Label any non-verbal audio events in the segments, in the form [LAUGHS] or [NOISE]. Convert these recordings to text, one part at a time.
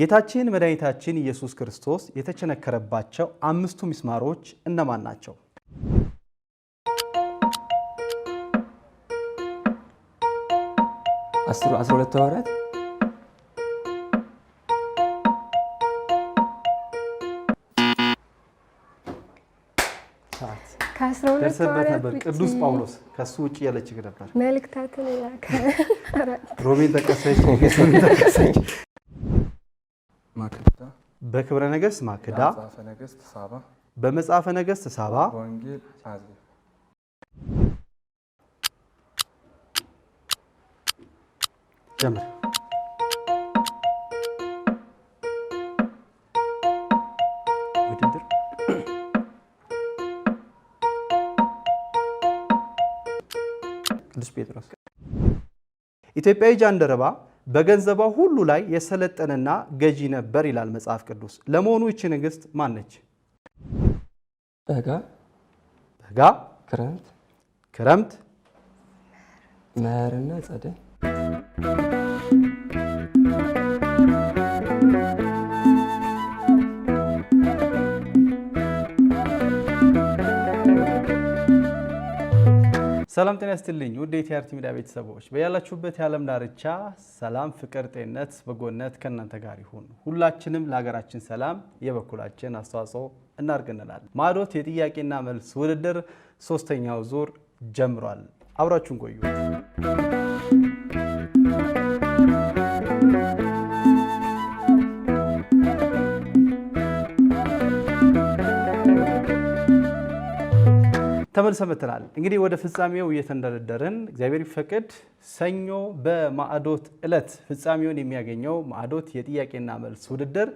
ጌታችን መድኃኒታችን ኢየሱስ ክርስቶስ የተቸነከረባቸው አምስቱ ምስማሮች እነማን ናቸው? አስራ ሁለቱ ሐዋርያት ደርሰበት ነበር። ቅዱስ ጳውሎስ ከሱ ውጭ ያለች ነበር። መልእክታትን ሮሜን ጠቀሰች። በክብረ ነገሥት ማክዳ በመጽሐፈ ነገሥት ሳባ ጀምር ቅዱስ ጴጥሮስ ኢትዮጵያዊ ጃንደረባ በገንዘቧ ሁሉ ላይ የሰለጠነና ገዢ ነበር ይላል መጽሐፍ ቅዱስ። ለመሆኑ ይቺ ንግሥት ማን ነች? በጋ በጋ፣ ክረምት ክረምት፣ መኸርና ጸደይ ሰላም ጤና ይስጥልኝ ውድ የቲአርቲ ሚዲያ ቤተሰቦች በያላችሁበት የዓለም ዳርቻ ሰላም፣ ፍቅር፣ ጤንነት፣ በጎነት ከእናንተ ጋር ይሁን። ሁላችንም ለሀገራችን ሰላም የበኩላችን አስተዋጽኦ እናድርግ እንላለን። ማዕዶት የጥያቄና መልስ ውድድር ሶስተኛው ዙር ጀምሯል። አብራችሁን ቆዩ። ተመልሰ መትናል። እንግዲህ ወደ ፍጻሜው እየተንደረደርን እግዚአብሔር ቢፈቅድ ሰኞ በማዕዶት ዕለት ፍጻሜውን የሚያገኘው ማዕዶት የጥያቄና መልስ ውድድር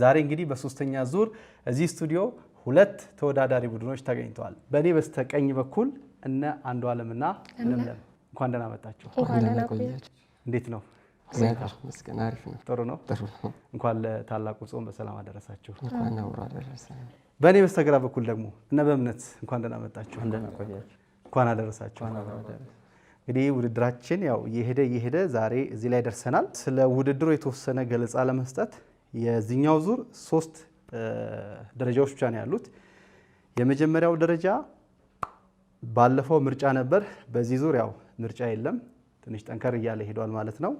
ዛሬ እንግዲህ በሶስተኛ ዙር እዚህ ስቱዲዮ ሁለት ተወዳዳሪ ቡድኖች ተገኝተዋል። በእኔ በስተቀኝ በኩል እነ አንዱ አለምና ለምለም እንኳን ደህና መጣችሁ። እንዴት ነው? ጥሩ ነው። እንኳን ለታላቁ ጾም በሰላም አደረሳችሁ። በእኔ በስተግራ በኩል ደግሞ እና በእምነት እንኳን ደህና መጣችሁ፣ እንኳን አደረሳችሁ። እንግዲህ ውድድራችን ያው እየሄደ እየሄደ ዛሬ እዚህ ላይ ደርሰናል። ስለ ውድድሩ የተወሰነ ገለጻ ለመስጠት የዚህኛው ዙር ሶስት ደረጃዎች ብቻ ነው ያሉት። የመጀመሪያው ደረጃ ባለፈው ምርጫ ነበር። በዚህ ዙር ያው ምርጫ የለም፣ ትንሽ ጠንከር እያለ ሄዷል ማለት ነው።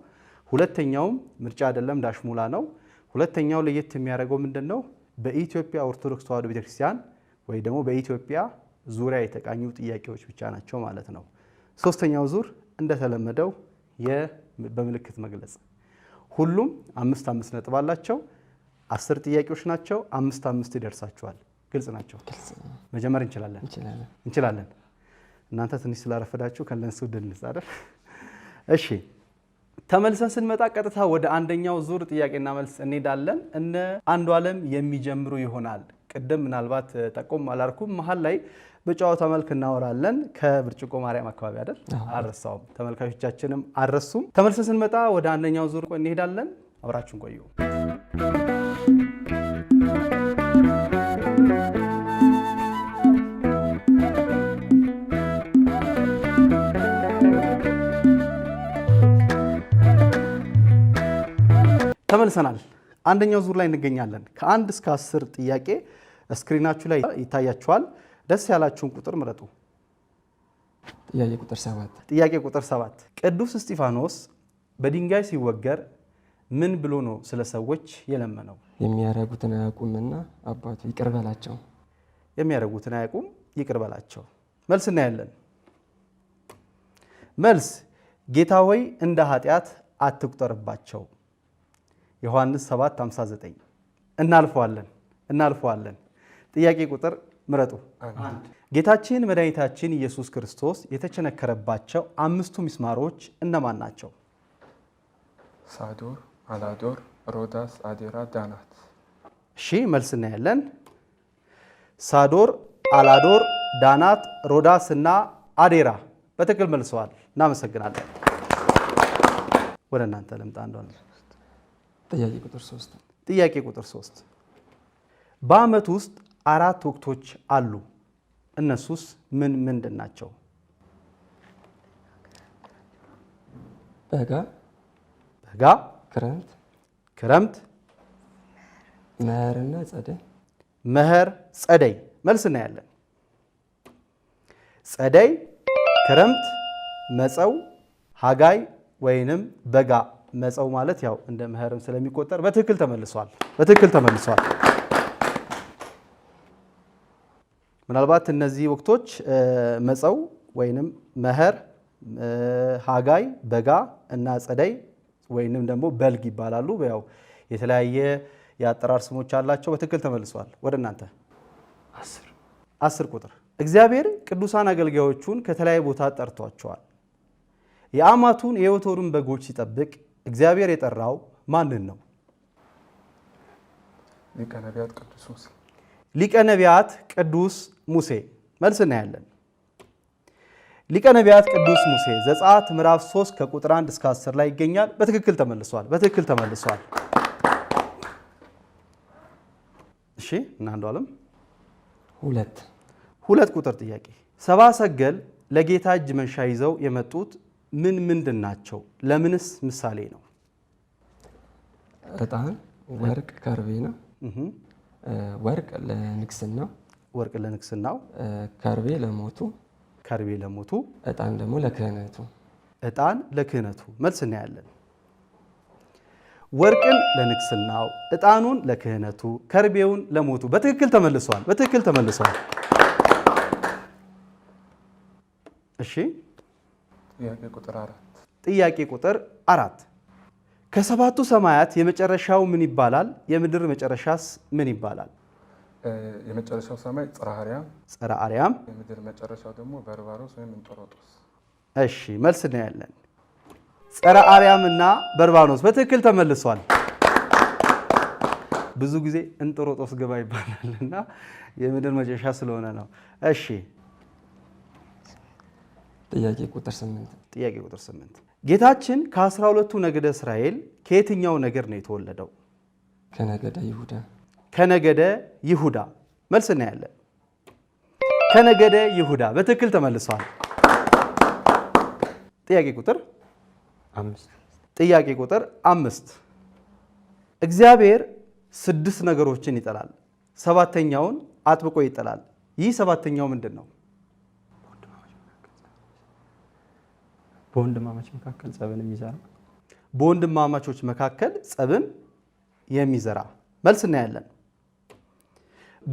ሁለተኛውም ምርጫ አይደለም፣ ዳሽሙላ ነው። ሁለተኛው ለየት የሚያደርገው ምንድን ነው? በኢትዮጵያ ኦርቶዶክስ ተዋሕዶ ቤተክርስቲያን ወይ ደግሞ በኢትዮጵያ ዙሪያ የተቃኙ ጥያቄዎች ብቻ ናቸው ማለት ነው። ሶስተኛው ዙር እንደተለመደው በምልክት መግለጽ ሁሉም አምስት አምስት ነጥብ አላቸው። አስር ጥያቄዎች ናቸው። አምስት አምስት ይደርሳችኋል። ግልጽ ናቸው። መጀመር እንችላለን እንችላለን። እናንተ ትንሽ ስላረፈዳችሁ ከለንስ ውድ እንጻደር። እሺ ተመልሰን ስንመጣ ቀጥታ ወደ አንደኛው ዙር ጥያቄና መልስ እንሄዳለን። እነ አንዱ አለም የሚጀምሩ ይሆናል። ቅድም ምናልባት ጠቆም አላርኩም መሀል ላይ በጨዋታ መልክ እናወራለን። ከብርጭቆ ማርያም አካባቢ አይደል? አልረሳውም፣ ተመልካቾቻችንም አልረሱም። ተመልሰን ስንመጣ ወደ አንደኛው ዙር እንሄዳለን። አብራችሁን ቆዩ። ደርሰናል። አንደኛው ዙር ላይ እንገኛለን። ከአንድ እስከ አስር ጥያቄ እስክሪናችሁ ላይ ይታያችኋል። ደስ ያላችሁን ቁጥር ምረጡ። ጥያቄ ቁጥር ሰባት ቅዱስ እስጢፋኖስ በድንጋይ ሲወገር ምን ብሎ ነው ስለ ሰዎች የለመነው? የሚያረጉትን አያውቁምና አባቱ ይቅር በላቸው። የሚያረጉትን አያውቁም ይቅር በላቸው። መልስ እናያለን። መልስ ጌታ ሆይ እንደ ኃጢአት አትቁጠርባቸው ዮሐንስ 7 59 እናልፈዋለን እናልፈዋለን። ጥያቄ ቁጥር ምረጡ። ጌታችን መድኃኒታችን ኢየሱስ ክርስቶስ የተቸነከረባቸው አምስቱ ምስማሮች እነማን ናቸው? ሳዶር፣ አላዶር፣ ሮዳስ፣ አዴራ፣ ዳናት። እሺ መልስ እናያለን። ሳዶር፣ አላዶር፣ ዳናት፣ ሮዳስ እና አዴራ በትክክል መልሰዋል። እናመሰግናለን። ወደ እናንተ ልምጣ እንደሆነ ጥያቄ ቁጥር 3 ጥያቄ ቁጥር 3 በአመት ውስጥ አራት ወቅቶች አሉ። እነሱስ ምን ምንድን ናቸው? በጋ፣ በጋ፣ ክረምት፣ ክረምት፣ መኸርና ጸደይ፣ መኸር፣ ጸደይ። መልስ እናያለን። ጸደይ፣ ክረምት፣ መጸው፣ ሀጋይ ወይንም በጋ መጸው ማለት ያው እንደ መህርም ስለሚቆጠር በትክክል ተመልሷል። በትክክል ተመልሷል። ምናልባት እነዚህ ወቅቶች መጸው ወይንም መኸር፣ ሀጋይ በጋ እና ጸደይ ወይንም ደግሞ በልግ ይባላሉ። ያው የተለያየ የአጠራር ስሞች አላቸው። በትክክል ተመልሷል። ወደ እናንተ አስር ቁጥር እግዚአብሔር ቅዱሳን አገልጋዮቹን ከተለያየ ቦታ ጠርቷቸዋል። የአማቱን የወተሩን በጎች ሲጠብቅ እግዚአብሔር የጠራው ማንን ነው? ሊቀ ነቢያት ቅዱስ ሙሴ። መልስ እናያለን። ሊቀ ነቢያት ቅዱስ ሙሴ ዘጸአት ምዕራፍ 3 ከቁጥር 1 እስከ 10 ላይ ይገኛል። በትክክል ተመልሷል። በትክክል ተመልሷል። እሺ እናንዱ አለም ሁለት ሁለት ቁጥር ጥያቄ ሰባ ሰገል ለጌታ እጅ መንሻ ይዘው የመጡት ምን ምንድን ናቸው? ለምንስ ምሳሌ ነው? እጣን፣ ወርቅ፣ ነው ወርቅ ለንግስና ወርቅ ለንግስናው፣ ከርቤ ለሞቱ ከርቤ ለሞቱ፣ እጣን ደግሞ ለክህነቱ እጣን ለክህነቱ። መልስ እናያለን። ወርቅን ለንግስናው፣ እጣኑን ለክህነቱ፣ ከርቤውን ለሞቱ። በትክክል ተመልሰዋል። በትክክል ተመልሰዋል። እሺ ጥያቄ ቁጥር አራት ከሰባቱ ሰማያት የመጨረሻው ምን ይባላል? የምድር መጨረሻስ ምን ይባላል? የመጨረሻው ሰማይ ጽርሐ አርያም፣ የምድር መጨረሻው ደግሞ በርባሮስ ወይም እንጦሮጦስ። እሺ መልስ ነው ያለን ጽርሐ አርያም እና በርባኖስ በትክክል ተመልሷል። ብዙ ጊዜ እንጦሮጦስ ግባ ይባላል እና የምድር መጨረሻ ስለሆነ ነው። እሺ ጥያቄ ቁጥር 8 ጥያቄ ቁጥር 8 ጌታችን ከአስራ ሁለቱ ነገደ እስራኤል ከየትኛው ነገር ነው የተወለደው? ከነገደ ይሁዳ ከነገደ ይሁዳ መልስ እናያለን። ከነገደ ይሁዳ በትክክል ተመልሷል። ጥያቄ ቁጥር ጥያቄ ቁጥር አምስት እግዚአብሔር ስድስት ነገሮችን ይጠላል፣ ሰባተኛውን አጥብቆ ይጠላል። ይህ ሰባተኛው ምንድን ነው? በወንድማማች መካከል ጸብን የሚዘራ በወንድማማቾች መካከል ጸብን የሚዘራ መልስ እናያለን።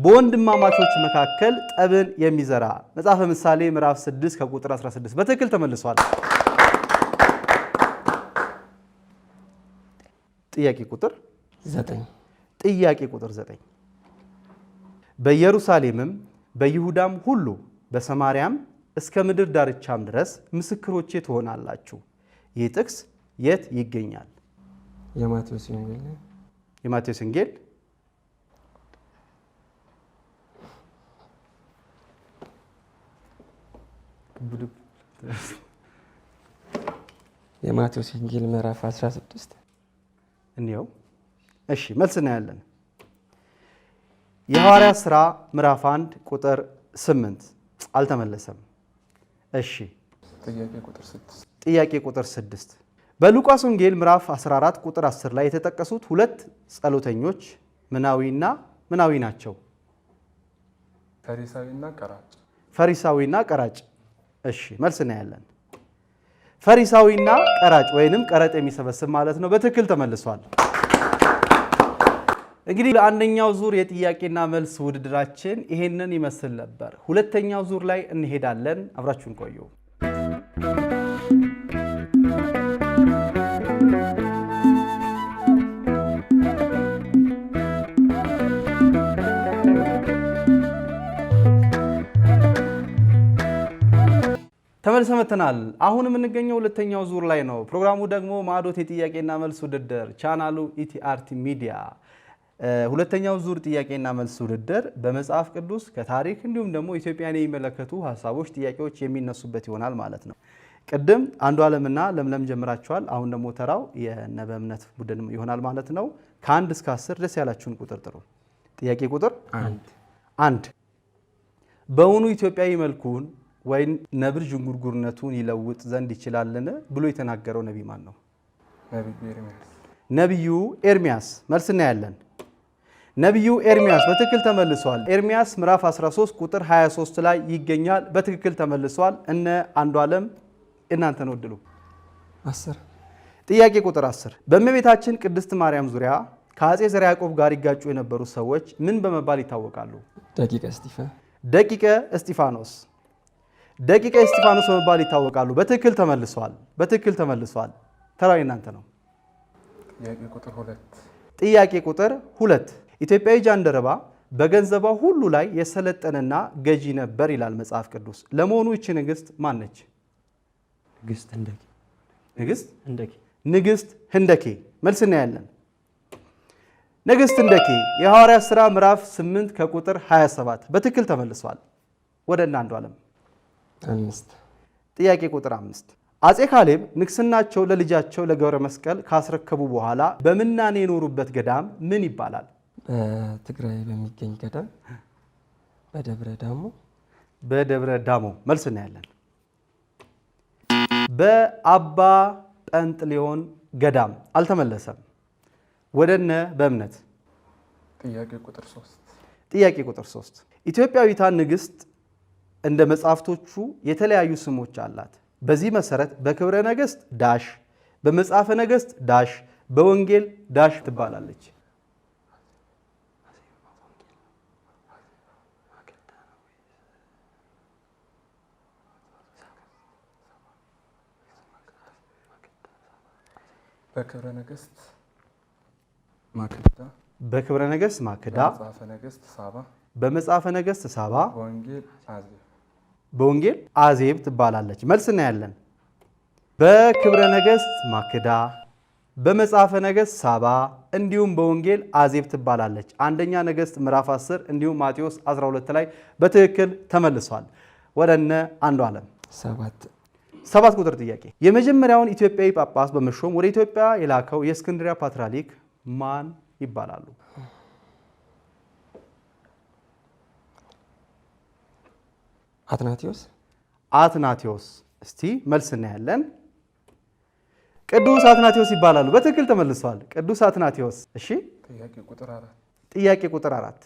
በወንድማማቾች መካከል ጠብን የሚዘራ መጽሐፈ ምሳሌ ምዕራፍ 6 ከቁጥር 16 በትክክል ተመልሷል። ጥያቄ ቁጥር 9 ጥያቄ ቁጥር 9 በኢየሩሳሌምም በይሁዳም ሁሉ በሰማርያም እስከ ምድር ዳርቻም ድረስ ምስክሮቼ ትሆናላችሁ። ይህ ጥቅስ የት ይገኛል? የማቴዎስ ወንጌል የማቴዎስ ወንጌል የማቴዎስ ወንጌል ምዕራፍ 16 እንየው። እሺ መልስ ነው ያለን። የሐዋርያ ሥራ ምዕራፍ 1 ቁጥር 8 አልተመለሰም። እሺ ጥያቄ ቁጥር ስድስት በሉቃስ ወንጌል ምዕራፍ 14 ቁጥር 10 ላይ የተጠቀሱት ሁለት ጸሎተኞች ምናዊና ምናዊ ናቸው? ፈሪሳዊና ቀራጭ። ፈሪሳዊና ቀራጭ። እሺ መልስ እናያለን። ፈሪሳዊና ቀራጭ ወይንም ቀረጥ የሚሰበስብ ማለት ነው። በትክክል ተመልሷል። እንግዲህ ለአንደኛው ዙር የጥያቄና መልስ ውድድራችን ይሄንን ይመስል ነበር። ሁለተኛው ዙር ላይ እንሄዳለን። አብራችሁን ቆዩ። ተመልሰ መተናል። አሁን የምንገኘው ሁለተኛው ዙር ላይ ነው። ፕሮግራሙ ደግሞ ማዕዶት የጥያቄና መልስ ውድድር ቻናሉ ኢቲአርቲ ሚዲያ ሁለተኛው ዙር ጥያቄና መልስ ውድድር በመጽሐፍ ቅዱስ ከታሪክ እንዲሁም ደግሞ ኢትዮጵያን የሚመለከቱ ሀሳቦች፣ ጥያቄዎች የሚነሱበት ይሆናል ማለት ነው። ቅድም አንዱ አለምና ለምለም ጀምራችኋል። አሁን ደግሞ ተራው የነበእምነት ቡድን ይሆናል ማለት ነው። ከአንድ እስከ አስር ደስ ያላችሁን ቁጥር ጥሩ። ጥያቄ ቁጥር አንድ በውኑ ኢትዮጵያዊ መልኩን ወይም ነብር ዥንጉርጉርነቱን ይለውጥ ዘንድ ይችላልን ብሎ የተናገረው ነቢይ ማን ነው? ነቢዩ ኤርሚያስ። መልስ እናያለን። ነቢዩ ኤርሚያስ በትክክል ተመልሷል። ኤርሚያስ ምዕራፍ 13 ቁጥር 23 ላይ ይገኛል። በትክክል ተመልሷል። እነ አንዱ ዓለም እናንተ ነው እድሉ። ጥያቄ ቁጥር 10 በእመቤታችን ቅድስት ማርያም ዙሪያ ከአፄ ዘርዓ ያዕቆብ ጋር ይጋጩ የነበሩ ሰዎች ምን በመባል ይታወቃሉ? ደቂቀ እስጢፋኖስ ደቂቀ እስጢፋኖስ በመባል ይታወቃሉ። በትክክል ተመልሰዋል። በትክክል ተመልሷል። ተራዊ እናንተ ነው። ጥያቄ ቁጥር ሁለት ኢትዮጵያዊ ጃንደረባ በገንዘቧ ሁሉ ላይ የሰለጠነና ገዢ ነበር ይላል መጽሐፍ ቅዱስ። ለመሆኑ ይቺ ንግስት ማን ነች? ንግስት ህንደኬ መልስ እናያለን። ንግስት ህንደኬ የሐዋርያት ሥራ ምዕራፍ 8 ከቁጥር 27 በትክክል ተመልሷል። ወደ እናንዱ ዓለም ጥያቄ ቁጥር 5 አፄ ካሌብ ንግስናቸው ለልጃቸው ለገብረ መስቀል ካስረከቡ በኋላ በምናኔ የኖሩበት ገዳም ምን ይባላል? በትግራይ በሚገኝ ገዳም በደብረ ዳሞ በደብረ ዳሞ መልስ እናያለን። በአባ ጰንጥሊዮን ገዳም አልተመለሰም። ወደነ በእምነት ጥያቄ ቁጥር ሶስት ጥያቄ ቁጥር ሶስት ኢትዮጵያዊቷ ንግሥት እንደ መጽሐፍቶቹ የተለያዩ ስሞች አላት። በዚህ መሰረት በክብረ ነገሥት ዳሽ፣ በመጽሐፈ ነገሥት ዳሽ፣ በወንጌል ዳሽ ትባላለች። በክብረ ነገስት ማክዳ በክብረ ነገስት ማክዳ በመጽሐፈ ነገስት ሳባ በወንጌል አዜብ ትባላለች። መልስ እናያለን። በክብረ ነገስት ማክዳ በመጽሐፈ ነገስት ሳባ እንዲሁም በወንጌል አዜብ ትባላለች። አንደኛ ነገስት ምዕራፍ 10 እንዲሁም ማቴዎስ 12 ላይ በትክክል ተመልሷል። ወደነ አንዱ አለም። ሰባት ሰባት ቁጥር ጥያቄ የመጀመሪያውን ኢትዮጵያዊ ጳጳስ በመሾም ወደ ኢትዮጵያ የላከው የእስክንድሪያ ፓትርያርክ ማን ይባላሉ? አትናቴዎስ አትናቴዎስ። እስቲ መልስ እናያለን። ቅዱስ አትናቴዎስ ይባላሉ። በትክክል ተመልሷል። ቅዱስ አትናቴዎስ። እሺ ጥያቄ ቁጥር አራት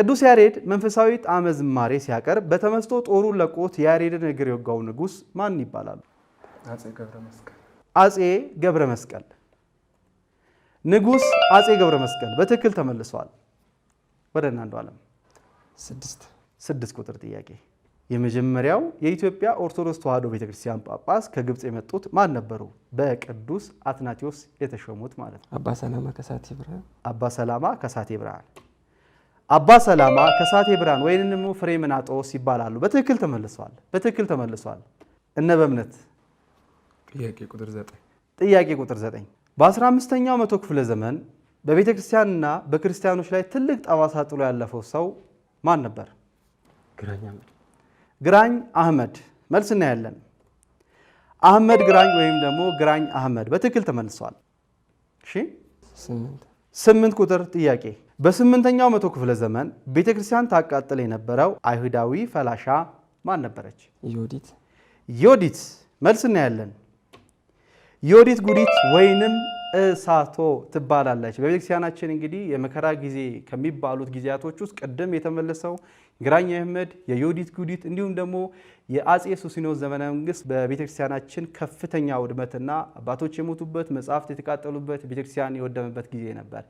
ቅዱስ ያሬድ መንፈሳዊ ጣዕመ ዝማሬ ሲያቀርብ በተመስጦ ጦሩን ለቆት ያሬድን እግር የወጋው ንጉስ ማን ይባላል? አፄ ገብረ መስቀል። ንጉስ አፄ ገብረ መስቀል በትክክል ተመልሷል። ወደ እናንዱ ዓለም ስድስት ቁጥር ጥያቄ የመጀመሪያው የኢትዮጵያ ኦርቶዶክስ ተዋሕዶ ቤተክርስቲያን ጳጳስ ከግብፅ የመጡት ማን ነበሩ? በቅዱስ አትናቴዎስ የተሾሙት ማለት ነው። አባ ሰላማ ከሳቴ ብርሃን። አባ ሰላማ ከሳቴ ብርሃን አባ ሰላማ ከሳቴ ብርሃን ወይንም ደግሞ ፍሬምናጦስ ይባላሉ። በትክክል ተመልሰዋል። በትክክል ተመልሰዋል። እነ በእምነት ጥያቄ ቁጥር 9 በ15ኛው መቶ ክፍለ ዘመን በቤተ ክርስቲያንና በክርስቲያኖች ላይ ትልቅ ጠባሳ ጥሎ ያለፈው ሰው ማን ነበር? ግራኝ አህመድ። መልስ እናያለን። አህመድ ግራኝ ወይም ደግሞ ግራኝ አህመድ በትክክል ተመልሰዋል። ስምንት ቁጥር ጥያቄ በስምንተኛው መቶ ክፍለ ዘመን ቤተ ክርስቲያን ታቃጥል የነበረው አይሁዳዊ ፈላሻ ማን ነበረች? ዮዲት። ዮዲት መልስ እናያለን። ዮዲት ጉዲት ወይንም እሳቶ ትባላለች። በቤተክርስቲያናችን እንግዲህ የመከራ ጊዜ ከሚባሉት ጊዜያቶች ውስጥ ቅድም የተመለሰው ግራኝ አህመድ፣ የዮዲት ጉዲት እንዲሁም ደግሞ የአጼ ሱሲኖስ ዘመነ መንግስት በቤተክርስቲያናችን ከፍተኛ ውድመትና አባቶች የሞቱበት መጽሐፍት የተቃጠሉበት ቤተክርስቲያን የወደመበት ጊዜ ነበር።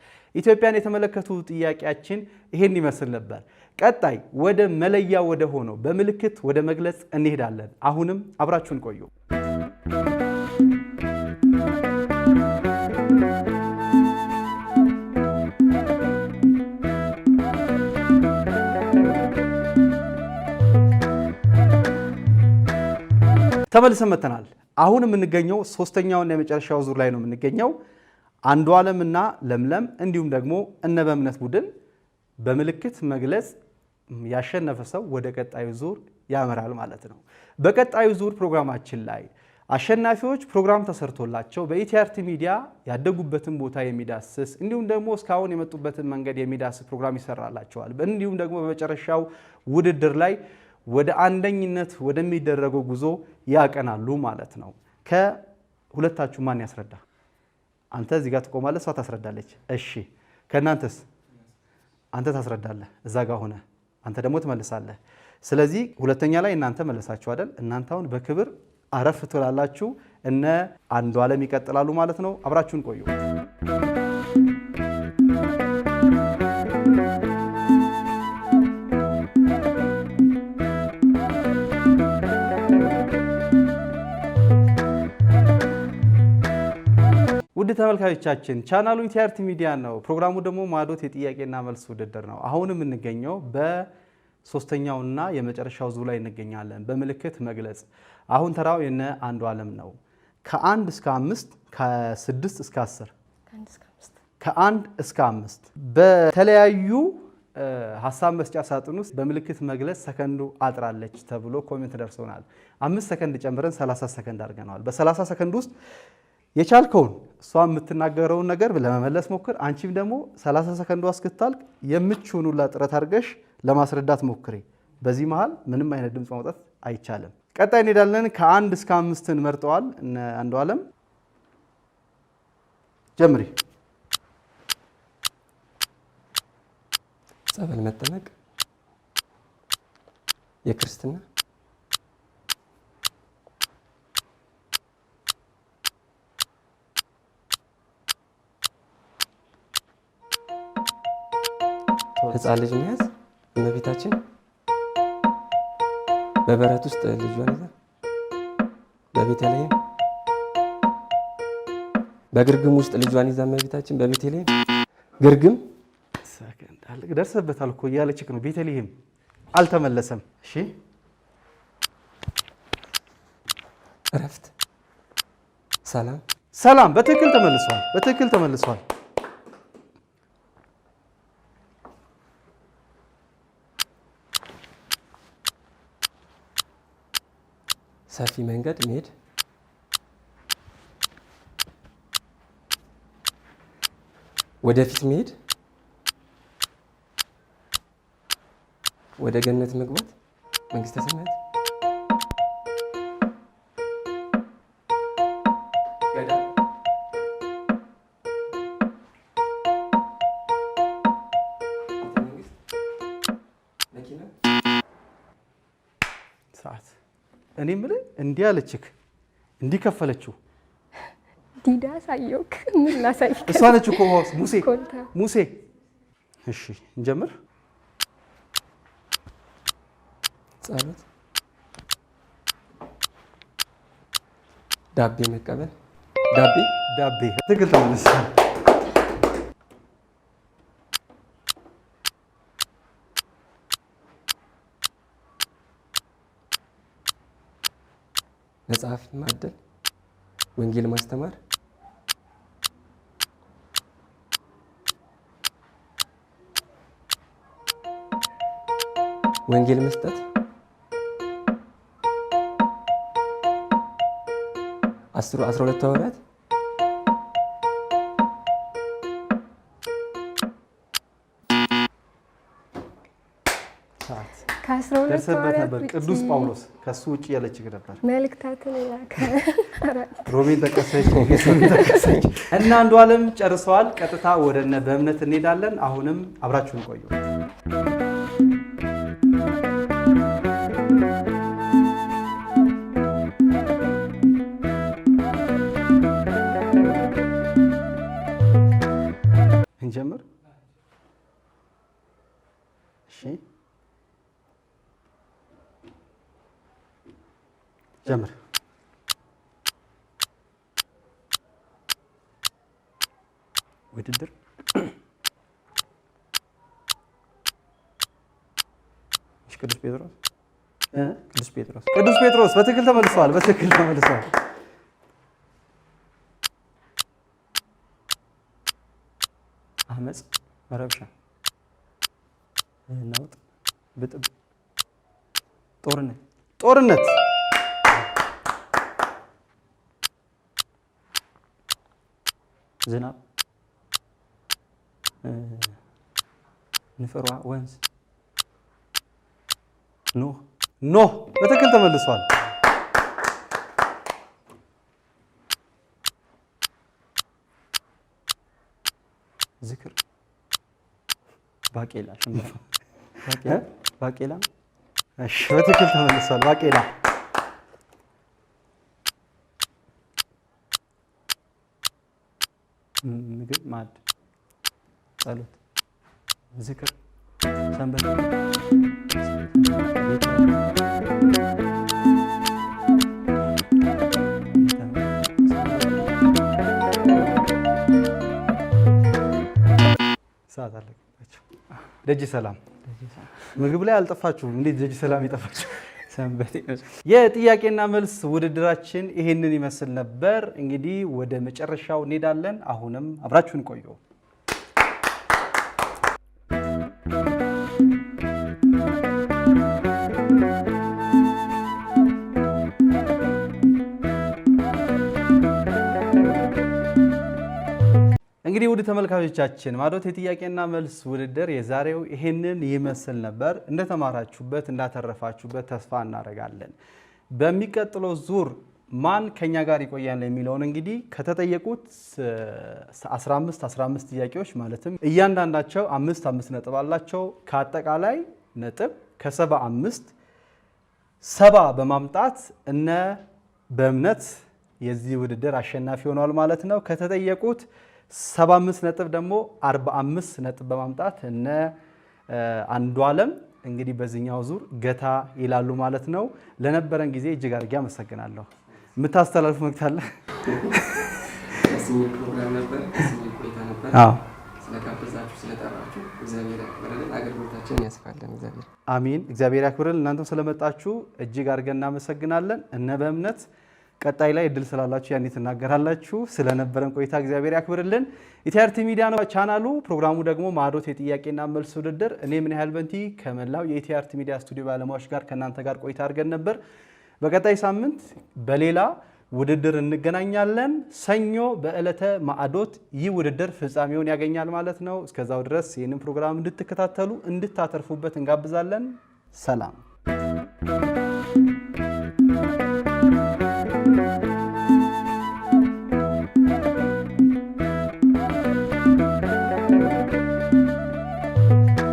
ኢትዮጵያን የተመለከቱ ጥያቄያችን ይሄን ይመስል ነበር። ቀጣይ ወደ መለያ ወደ ሆነው በምልክት ወደ መግለጽ እንሄዳለን። አሁንም አብራችሁን ቆዩ። ተመልሰን መተናል አሁን የምንገኘው ሶስተኛውና የመጨረሻው ዙር ላይ ነው የምንገኘው። አንዱ ዓለምና ለምለም እንዲሁም ደግሞ እነ በእምነት ቡድን በምልክት መግለጽ ያሸነፈ ሰው ወደ ቀጣዩ ዙር ያመራል ማለት ነው። በቀጣዩ ዙር ፕሮግራማችን ላይ አሸናፊዎች ፕሮግራም ተሰርቶላቸው በኢቲአርቲ ሚዲያ ያደጉበትን ቦታ የሚዳስስ እንዲሁም ደግሞ እስካሁን የመጡበትን መንገድ የሚዳስስ ፕሮግራም ይሰራላቸዋል። እንዲሁም ደግሞ በመጨረሻው ውድድር ላይ ወደ አንደኝነት ወደሚደረገው ጉዞ ያቀናሉ ማለት ነው። ከሁለታችሁ ማን ያስረዳ? አንተ እዚህ ጋር ትቆማለህ፣ እሷ ታስረዳለች። እሺ፣ ከእናንተስ? አንተ ታስረዳለህ እዛ ጋር ሆነ፣ አንተ ደግሞ ትመልሳለህ። ስለዚህ ሁለተኛ ላይ እናንተ መለሳችሁ አይደል? እናንተ አሁን በክብር አረፍ ትላላችሁ። እነ አንዱ አለም ይቀጥላሉ ማለት ነው። አብራችሁን ቆዩ። ውድ ተመልካቾቻችን ቻናሉ ኢቲአርቲ ሚዲያ ነው። ፕሮግራሙ ደግሞ ማዶት የጥያቄና መልስ ውድድር ነው። አሁንም የምንገኘው በሶስተኛውና የመጨረሻው ዙር ላይ እንገኛለን። በምልክት መግለጽ አሁን ተራው የነ አንዱ አለም ነው። ከአንድ እስከ አምስት ከስድስት እስከ አስር ከአንድ እስከ አምስት በተለያዩ ሀሳብ መስጫ ሳጥን ውስጥ በምልክት መግለጽ ሰከንዱ አጥራለች ተብሎ ኮሜንት ደርሶናል። አምስት ሰከንድ ጨምረን 30 ሰከንድ አድርገነዋል። በ30 ሰከንድ ውስጥ የቻልከውን እሷ የምትናገረውን ነገር ለመመለስ ሞክር። አንቺም ደግሞ 30 ሰከንዷ እስክታልቅ የምትችሉላ ጥረት አድርገሽ ለማስረዳት ሞክሪ። በዚህ መሃል ምንም አይነት ድምፅ ማውጣት አይቻልም። ቀጣይ እንሄዳለን። ከአንድ እስከ አምስትን መርጠዋል። አንዱ አለም ጀምሪ። ጸበል መጠመቅ፣ የክርስትና ህፃን ልጅ መያዝ እመቤታችን በበረት ውስጥ ልጇን ይዛ በቤተልሔም በግርግም ውስጥ ልጇን ይዛ እመቤታችን በቤተልሔም ግርግም ደርሰበታል እኮ እያለች ነው። ቤተልሔም አልተመለሰም። እሺ እረፍት፣ ሰላም፣ ሰላም። በትክክል ተመልሷል። በትክክል ተመልሷል። ሰፊ መንገድ መሄድ ወደፊት መሄድ ወደ ገነት መግባት መንግስተ ሰማያት ሰዓት እኔ የምልህ እንዲህ አለችክ እንዲህ ከፈለችው ዲዳ ሳየውክ ምን ላሳይክ? እሷ ነች እኮ ሙሴ ሙሴ። እሺ እንጀምር። ጸሎት፣ ዳቤ መቀበል፣ ዳቤ ዳቤ ትክክል ተመለሰ። መጽሐፍ ማደል፣ ወንጌል ማስተማር ወንጌል መስጠት አስራ ሁለቱ ሐዋርያት ደርሰበት ነበር። ቅዱስ ጳውሎስ ከሱ ውጭ ያለችህ ነበር። መልእክታትን ሮሜን ጠቀሰች፣ ጠቀሰች እና አንዱ አለም ጨርሰዋል። ቀጥታ ወደ እነ በእምነት እንሄዳለን። አሁንም አብራችሁን ቆዩ። እንጀምር እሺ ጀምር። ውድድር ቅዱስ ጴጥሮስ ቅዱስ ጴጥሮስ ቅዱስ ጴጥሮስ በትክክል ተመልሷል። በትክክል ተመልሷል። አመፅ፣ ረብሻ፣ ነውጥ፣ ብጥብ፣ ጦርነት ጦርነት زناب آه، نفروع وانس نو نو متى كنت من السؤال ذكر باقي لا [LAUGHS] باقي لا باقي لا شو تكلت من السؤال باقي ጸሎት፣ ዝክር፣ ሰንበት ሰዓት ደጅ ሰላም ምግብ ላይ አልጠፋችሁም። እንዴት ደጅ ሰላም ይጠፋችሁ? የጥያቄና መልስ ውድድራችን ይሄንን ይመስል ነበር። እንግዲህ ወደ መጨረሻው እንሄዳለን። አሁንም አብራችሁን ቆዩ። እንግዲህ ውድ ተመልካቾቻችን ማዶት የጥያቄና መልስ ውድድር የዛሬው ይሄንን ይመስል ነበር። እንደተማራችሁበት እንዳተረፋችሁበት ተስፋ እናደርጋለን። በሚቀጥለው ዙር ማን ከኛ ጋር ይቆያል የሚለውን እንግዲህ ከተጠየቁት 15 15 ጥያቄዎች ማለትም እያንዳንዳቸው አምስት አምስት ነጥብ አላቸው ከአጠቃላይ ነጥብ ከሰባ አምስት ሰባ በማምጣት እነ በእምነት የዚህ ውድድር አሸናፊ ሆኗል ማለት ነው ከተጠየቁት 75 ነጥብ ደግሞ 45 ነጥብ በማምጣት እነ አንዱ አለም እንግዲህ በዚህኛው ዙር ገታ ይላሉ ማለት ነው። ለነበረን ጊዜ እጅግ አድርጌ አመሰግናለሁ። የምታስተላልፉ መልዕክት አለ? እግዚአብሔር ያክብርልን፣ አገልግሎታችን አሜን። እግዚአብሔር ያክብርልን። እናንተም ስለመጣችሁ እጅግ አድርገን እናመሰግናለን። እነ በእምነት ቀጣይ ላይ እድል ስላላችሁ ያኔ ትናገራላችሁ። ስለነበረን ቆይታ እግዚአብሔር ያክብርልን። ኢቲአር ሚዲያ ነው ቻናሉ። ፕሮግራሙ ደግሞ ማዕዶት የጥያቄና መልስ ውድድር እኔ ምን ያህል በንቲ ከመላው የኢቲአር ሚዲያ ስቱዲዮ ባለሙያዎች ጋር ከእናንተ ጋር ቆይታ አድርገን ነበር። በቀጣይ ሳምንት በሌላ ውድድር እንገናኛለን። ሰኞ በዕለተ ማዕዶት ይህ ውድድር ፍጻሜውን ያገኛል ማለት ነው። እስከዛው ድረስ ይህንን ፕሮግራም እንድትከታተሉ እንድታተርፉበት እንጋብዛለን። ሰላም